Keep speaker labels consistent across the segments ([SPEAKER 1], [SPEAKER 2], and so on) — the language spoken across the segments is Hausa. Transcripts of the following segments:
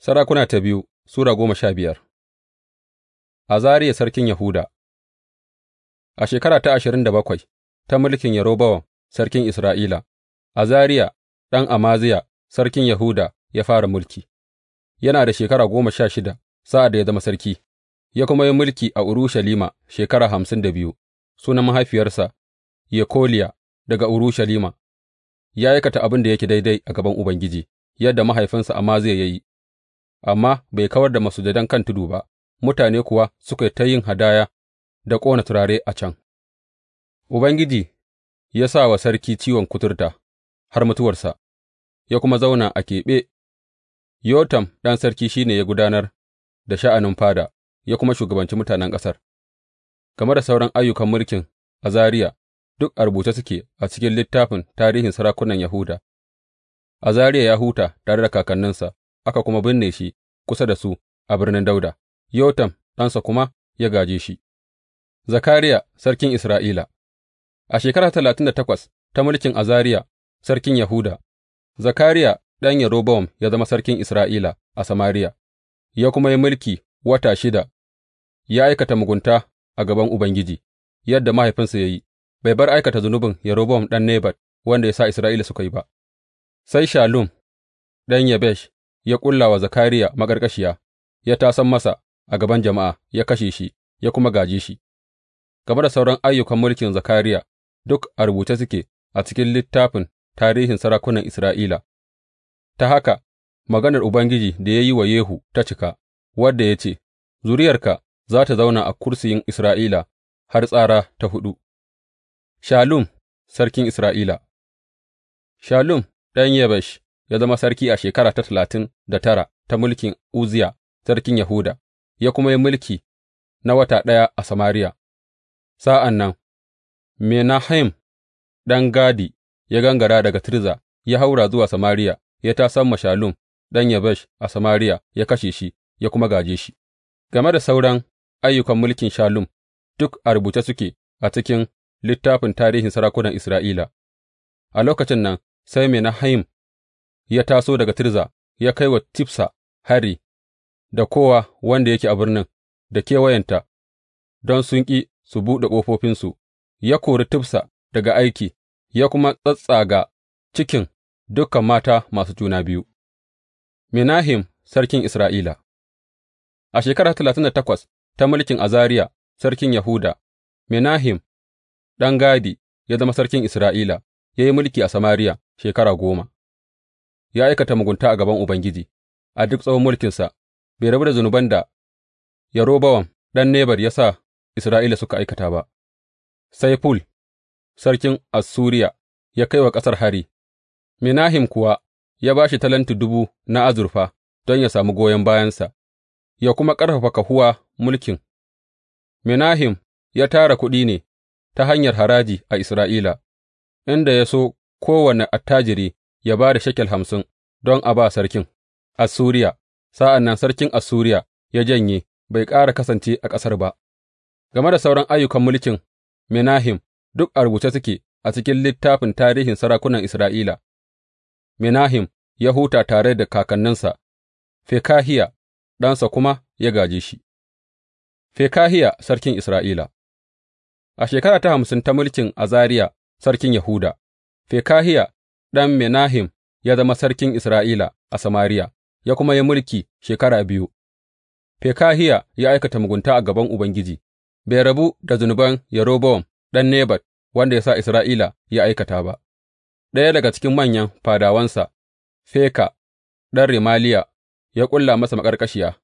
[SPEAKER 1] Sarakuna ta biyu Sura goma sha biyar Azariya sarkin Yahuda A shekara ta ashirin da bakwai ta mulkin Yerobowam sarkin Isra'ila, Azariya ɗan Amaziya sarkin Yahuda ya fara mulki, yana da shekara goma sha shida sa'ad da ya zama sarki, ya kuma yi mulki a Urushalima shekara hamsin da biyu, sunan mahaifiyarsa Yekoliya daga Urushalima, ya aikata abin da yake daidai a gaban Ubangiji, yadda mahaifinsa Amaziya ya yi. amma bai kawar da masujadan kan tudu ba, mutane kuwa suka yi ta yin hadaya da ƙona turare a can. Ubangiji ya sa wa sarki ciwon kuturta har mutuwarsa, ya kuma zauna a keɓe, Yotam ɗan sarki shi ne ya gudanar da sha'anin fada, ya kuma shugabanci mutanen ƙasar. Game da sauran ayyukan mulkin Azariya, duk a rubuce suke a cikin littafin tarihin sarakunan Yahuda. Azariya ya huta tare da kakanninsa, aka kuma binne shi kusa da su a birnin Dawuda, Yotam ɗansa kuma ya gāje shi. Zakariya sarkin Isra'ila A shekara talatin da takwas ta mulkin Azariya sarkin Yahuda, Zakariya ɗan Yerobowam ya zama sarkin Isra'ila a Samariya, ya kuma yi mulki wata shida, ya aikata mugunta a gaban Ubangiji, yadda mahaifinsa ya yi, bai bar aikata zunubin Yerobowam ɗan Nebat wanda ya sa Isra'ila suka yi ba, sai Shalum ɗan Yabesh ya ƙulla wa Zakariya maƙarƙashiya, ya tasan masa a gaban jama'a, ya kashe shi, ya kuma gāje shi. Game da sauran ayyukan mulkin Zakariya, duk a rubuce suke a cikin littafin tarihin sarakunan Isra'ila. Ta haka, maganar Ubangiji da ya yi wa Yehu ta cika, wadda ya ce, Zuriyarka za ta zauna a kursiyin Isra'ila har tsara ta huɗu. Shalum sarkin Isra'ila Shalum ɗan Yabesh ya zama sarki a shekara ta talatin da tara ta mulkin Uzziya sarkin Yahuda, ya kuma yi mulki na wata ɗaya a Samariya. Sa'an nan, Menahem ɗan Gadi ya gangara daga Tirza ya haura zuwa Samariya, ya tasan Mashalum ɗan Yabesh a Samariya ya kashe shi, ya kuma gaje shi. Game da sauran ayyukan mulkin Shalum, duk a rubuce suke a cikin littafin tarihin sarakunan Isra'ila. A lokacin nan sai Menahem ya taso daga Tirza ya kai wa Tifsa hari da kowa wanda yake a birnin da kewayenta don sun ƙi su buɗe ƙofofinsu, ya kori Tifsa daga aiki, ya kuma tsattsaga cikin dukan mata masu juna biyu. Minahim sarkin Isra'ila A shekara talatin da takwas ta mulkin Azariya sarkin Yahuda, Minahim ɗan Gadi ya zama sarkin Isra'ila, ya yi mulki a Samariya shekara goma. ya aikata mugunta a gaban Ubangiji a duk tsawon mulkinsa, bai rabu da zunuban da Yerobowam ɗan nebar ya sa Isra'ila suka aikata ba, sai Ful, sarkin Assuriya, ya kai wa ƙasar hari, Minahim kuwa ya ba shi talenti dubu na azurfa don ya sami goyon bayansa, ya kuma ƙarfafa kahuwa mulkin. Minahim ya tara kuɗi ne ta hanyar haraji a Isra'ila, inda ya so kowane attajiri ya ba da shekel hamsin don a ba sarkin Assuriya, sa'an nan sarkin Assuriya ya janye bai ƙara kasance a ƙasar ba. Game da sauran ayyukan mulkin Menahim, duk a rubuce suke a cikin littafin tarihin sarakunan Isra'ila. Menahim ya huta tare da kakanninsa, Fekahiya ɗansa kuma ya gaji shi. Fekahiya sarkin Isra'ila A shekara ta hamsin ta mulkin Azariya sarkin Yahuda, Fekahiya ɗan Menahem ya zama sarkin Isra'ila a Samariya, ya kuma yi mulki shekara biyu, Fekahiya ya aikata mugunta a gaban Ubangiji, bai rabu da zunuban Yerobowam ɗan Nebat wanda ya sa Isra'ila ya aikata ba. Ɗaya daga cikin manyan fadawansa, Feka ɗan Remaliya, ya ƙulla masa maƙarƙashiya,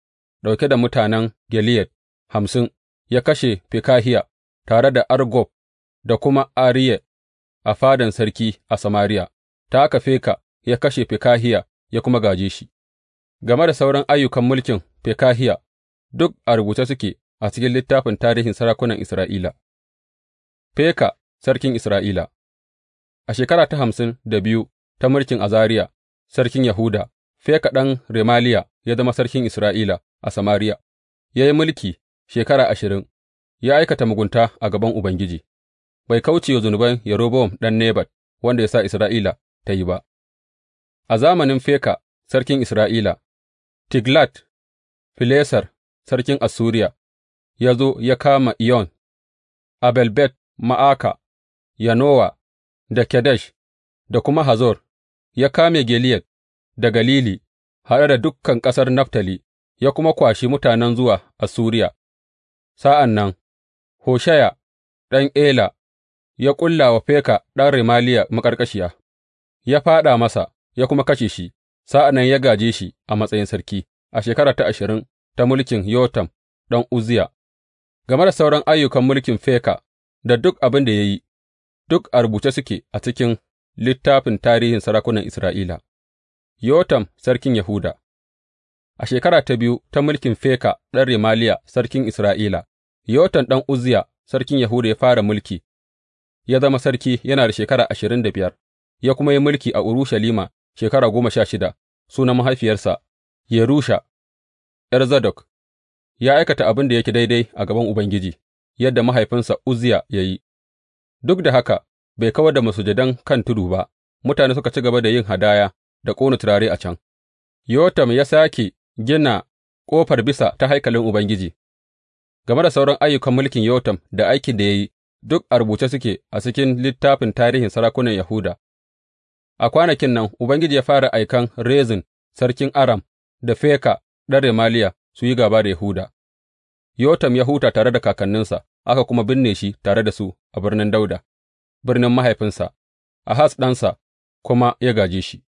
[SPEAKER 1] ɗauke da mutanen Gileyad hamsin, ya kashe Fekahiya tare da Argob da kuma Ariye a fadan sarki a Samariya. ta aka Feka ya kashe Fekahiya ya kuma gāje shi, game da sauran ayyukan mulkin Fekahiya, duk a rubuce suke a cikin littafin tarihin sarakunan Isra'ila. Feka sarkin Isra'ila A shekara ta hamsin da biyu ta mulkin Azariya, sarkin Yahuda, Feka ɗan Remaliya ya zama sarkin Isra'ila a Samariya, ya yi mulki shekara ashirin, ya aikata mugunta a gaban Ubangiji, bai kauce wa zunuban Yerobowam ɗan Nebat, wanda ya sa Isra'ila ta yi ba. A zamanin Feka sarkin Isra'ila, Tiglat filesar sarkin Assuriya ya zo ya kama Iyon, abelbet Ma'aka, Yanowa da Kedesh da kuma Hazor, ya kame Geliad da Galili haɗe da dukkan ƙasar Naftali, ya kuma kwashi mutanen zuwa Assuriya. Sa'an nan, Hoshaya ɗan Ela ya ƙulla wa Feka ɗan Remaliya maƙarƙashiya. ya fāɗa masa ya kuma kashe shi, sa'an nan ya gāje shi a matsayin sarki a shekara ta ashirin ta mulkin Yotam ɗan Uzziya. Game da sauran ayyukan mulkin Feka da duk abin da ya yi, duk a rubuce suke a cikin littafin tarihin sarakunan Isra'ila. Yotam sarkin Yahuda A shekara ta biyu ta mulkin Feka ɗan Remaliya sarkin Isra'ila, Yotam ɗan Uzziya sarkin Yahuda ya fara mulki, ya zama sarki yana da shekara ashirin da biyar. ya kuma yi mulki a Urushalima shekara goma sha shida, sunan mahaifiyarsa Yerusha, ’yar Zadok, ya aikata abin da yake daidai a gaban Ubangiji, yadda mahaifinsa Uzziya ya yi, duk da haka bai kawar da masujadan kan tudu ba, mutane suka ci gaba da yin hadaya da ƙona turare a can. Yotam ya sake gina ƙofar bisa ta haikalin Ubangiji, game da sauran ayyukan mulkin Yotam da aikin da ya yi, duk a rubuce suke a cikin littafin tarihin sarakunan Yahuda A kwanakin nan Ubangiji ya fara aikan Rezin sarkin Aram da Feka ɗan Remaliya su yi gāba da Yahuda, Yotam ya huta tare da kakanninsa, aka kuma binne shi tare da su a birnin Dauda, birnin mahaifinsa, Ahaz ɗansa kuma ya gaje shi.